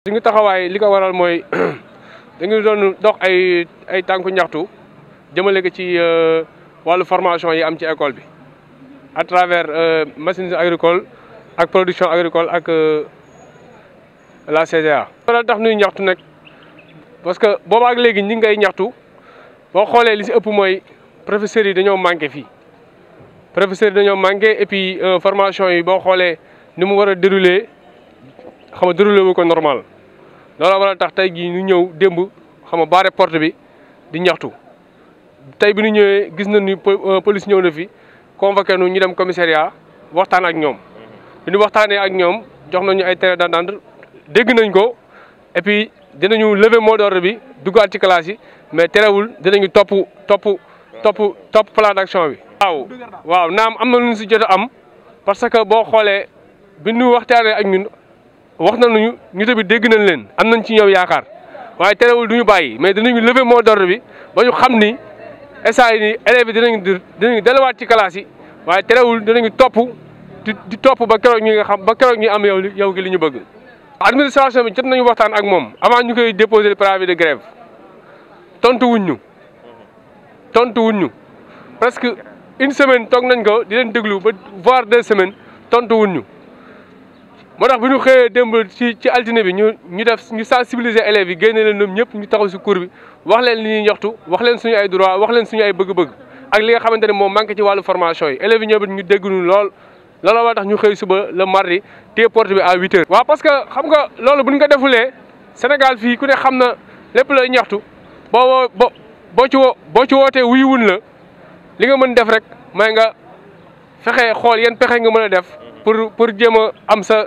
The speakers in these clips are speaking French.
nga taxawaay li ko waral mooy dañu doon dox ay ay tànku ñaxtu jëmale ko ci euh, wàllu formation yi am ci école bi à travers euh, machines agricole ak production agricole ak euh, la CGA. loolu tax ñuy ñaxtu nag parce que boobaak léegi ñi ngay ñaxtu boo xoolee li si ëpp mooy professeurs yi dañoo manqué fii professeurs yi dañoo manqué et puis formation yi boo xoolee ni mu war a déroulé xam nga déroulé wu ko normal. loolu waral tax tey jii nu ñëw démb xam nga baare porte bi di ñaxtu tey bi nu ñëwee gis nañ ni euh, police ñëw na fi convoqué ñu dem commissariat waxtaan ak ñoom. bi ñu waxtaanee ak ñoom jox nañu ay terrain d'entente dégg nañ ko et puis dinañu lever mot d'ordre bi duggaat ci classe yi mais terewul dinañu topp topp topp topp plan d'action bi. waaw waaw naam am na lu si jot am parce que boo xoolee bi ñu waxtaanee ak ñun. wax nañu ñu tamit dégg nañ leen am nañ ci ñoom yaakaar waaye terewul du ñu bàyyi mais dinañu lever mot d'ordre bi ba ñu xam ni instant yii nii élèves yi dinañu dinañu ci classe yi waaye terewul danañu topp di di topp ba keroog ñi nga xam ba keroog ñu am yow yow gi li ñu bëgg. administration bi jot nañu waxtaan ak moom avant ñu koy déposer préavis de grève tontu wuñ ñu tontu wuñ ñu presque une semaine toog nañ ko di leen déglu ba voire deux semaines tontu wuñ ñu. motax buñu xëyé demb ci ci altiné bi ñu ñu def ñu sensibiliser élèves yi gënal leen ñom ñëpp ñu taxaw ci cour bi wax leen li ñuy ñaxtu wax leen suñu ay droit wax leen suñu ay bëgg-bëgg ak li nga xamanteni mo manké ci walu formation yi élèves yi ñoom ñu dégg ñu lool la la tax ñu xëy suba le mardi té porte bi à 8h wa parce que xam nga loolu buñ ko défulé Sénégal fi ku ne xamna na lépp lay ñaxtu bo bo bo ci bo ci woté wuy wun la li nga mën def rek may nga fexé xol yeen pexé nga mëna def pour pour jéem am sa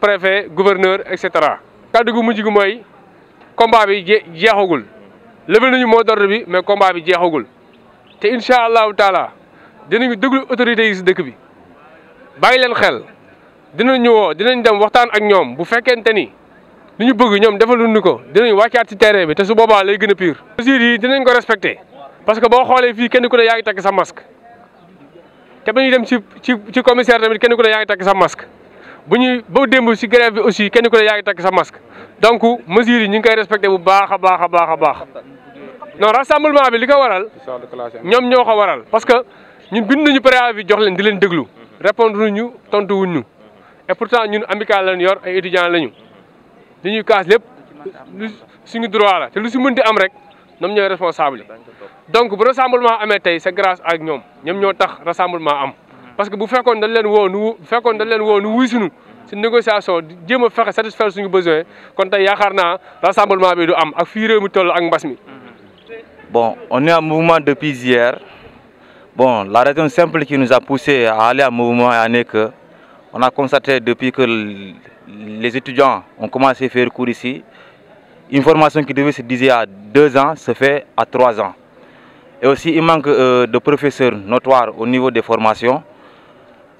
préfet gouverneur et cetera. kàddu gu mujj gi mooy combat bi jeexagul levé nañu moo d'ordre bi mais combat bi jeexagul te incha allahu taala dinañu déglu autorités yi si dëkk bi bàyyi leen xel dinañ ñu woo dinañ dem waxtaan ak ñoom bu fekkente ni li ñu bëgg ñoom defaluñ ni ko dinañ wàccaat si terrain bi te su boobaa lay gën a pire. mesures yi dinañ ko respecté parce que boo xoolee fii kenn ku ne yaa ngi takk sa masque te ba ñuy dem ci ci ci commissaire tamit kenn ku ne yaa ngi takk sa masque. bu ñuy ba démb si grève bi aussi kenn ko ne yaa ngi takk sa masque donc mesures yi ñu ngi koy respecté bu baax a baax a baax a baax non rassemblement bi li ko waral ñoom ñoo ko waral parce que ñu bind nañu préavis bi jox leen di leen déglu répondre ñu tontu wuñ ñu et pourtant ñun amical lañ yor ay étudiants lañu lu ñuy kaas lépp suñu droit la te lu si mënti am rek ñoom ñooy responsable donc bu rassemblement ame tey c'est grâce ak ñoom ñoom ñoo tax rassemblement am parce que si on dañ leen qu'on nu c'est une dañ leen négociation Dieu me fait satisfaire suñu besoin kon y a rassemblement bi du am ak rassemblement mi bon on est en mouvement depuis hier bon la raison simple qui nous a poussé à aller en mouvement est que on a constaté depuis que les étudiants ont commencé à faire cours ici une formation qui devait se disait à deux ans se fait à trois ans et aussi il manque euh, de professeurs notoires au niveau des formations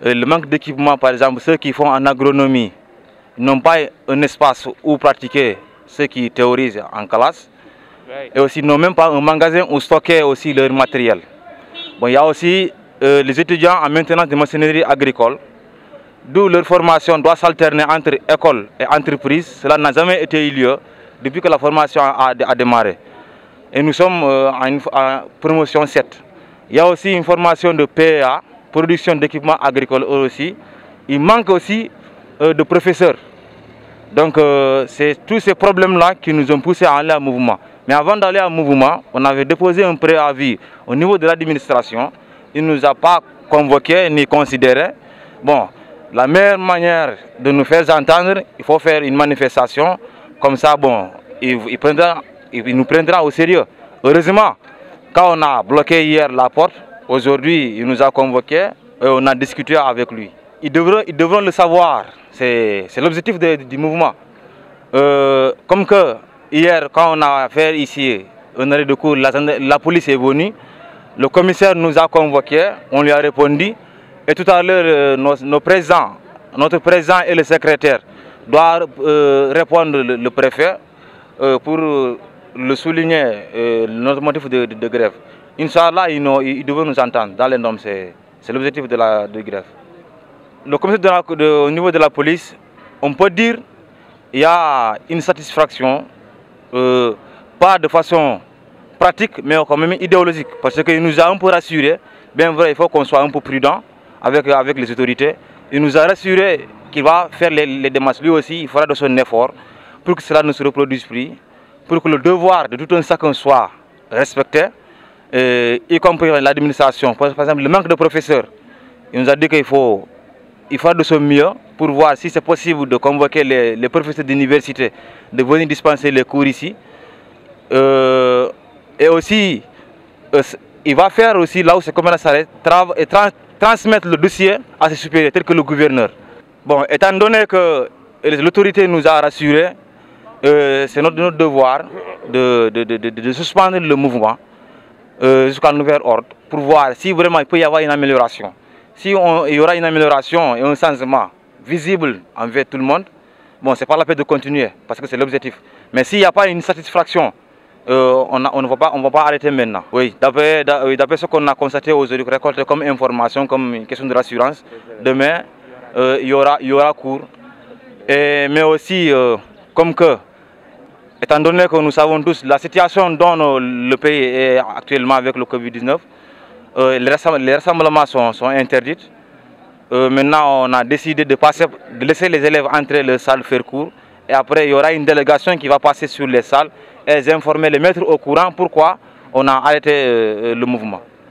euh, le manque d'équipement, par exemple, ceux qui font en agronomie n'ont pas un espace où pratiquer ceux qui théorisent en classe. Et aussi n'ont même pas un magasin où stocker aussi leur matériel. Bon, il y a aussi euh, les étudiants en maintenance de machinerie agricole, d'où leur formation doit s'alterner entre école et entreprise. Cela n'a jamais été eu lieu depuis que la formation a, démarré. Et nous sommes euh, en, promotion 7. Il y a aussi une formation de PEA, production d'équipements agricoles aussi. Il manque aussi euh, de professeurs. Donc euh, c'est tous ces problèmes-là qui nous ont poussés à aller en mouvement. Mais avant d'aller en mouvement, on avait déposé un préavis au niveau de l'administration. Il ne nous a pas convoqués ni considérés. Bon, la meilleure manière de nous faire entendre, il faut faire une manifestation. Comme ça, bon, il, il nous prendra au sérieux. Heureusement, quand on a bloqué hier la porte, Aujourd'hui, il nous a convoqués et on a discuté avec lui. Ils devront, ils devront le savoir, c'est l'objectif du mouvement. Euh, comme que hier, quand on a fait ici un arrêt de cours, la, police est venue, le commissaire nous a convoqués, on lui a répondu. Et tout à l'heure, euh, nos, présents, notre président et le secrétaire doivent euh, répondre le, préfet pour le souligner, euh, notre motif de, grève. une ils, là, ils devaient nous entendre. Dans les normes, c'est l'objectif de la grève. au niveau de la police, on peut dire qu'il y a une satisfaction, euh, pas de façon pratique, mais quand même idéologique. Parce qu'il nous a un peu rassurés. Bien vrai, il faut qu'on soit un peu prudent avec, les autorités. Il nous a rassuré qu'il va faire les, les démarches. Lui aussi, il fera de son effort pour que cela ne se reproduise plus pour que le devoir de tout un chacun soit respecté, et, y compris l'administration. Par exemple, le manque de professeurs. Il nous a dit qu'il faut, il faut de son mieux pour voir si c'est possible de convoquer les, professeurs d'université, de venir dispenser les cours ici. Euh, et aussi, euh, il va faire aussi, là où c'est comme s'arrête, et transmettre le dossier à ses supérieurs, tels que le gouverneur. Bon, étant donné que l'autorité nous a rassurés, euh, c'est notre, devoir de, suspendre le mouvement euh, jusqu'à jusqu'à nouvel ordre pour voir si vraiment il peut y avoir une amélioration. Si il y aura une amélioration et un changement visible envers tout le monde, bon, n'est pas la peine de continuer parce que c'est l'objectif. Mais s'il n'y a pas une satisfaction, euh, on, on, ne va pas, on va pas arrêter maintenant. Oui, d'après ce qu'on a constaté aujourd'hui, récolté comme information, comme une question de rassurance, demain, il, y aura, il y aura cours. Et, mais aussi, comme que Étant donné que nous savons tous la situation dont euh, le pays est actuellement avec le Covid-19, euh, les rassemblements sont, interdits. Euh, maintenant, on a décidé de, laisser les élèves entrer les salles faire cours. Et après, il y aura une délégation qui va passer sur les salles et informer les maîtres au courant pourquoi on a arrêté le mouvement.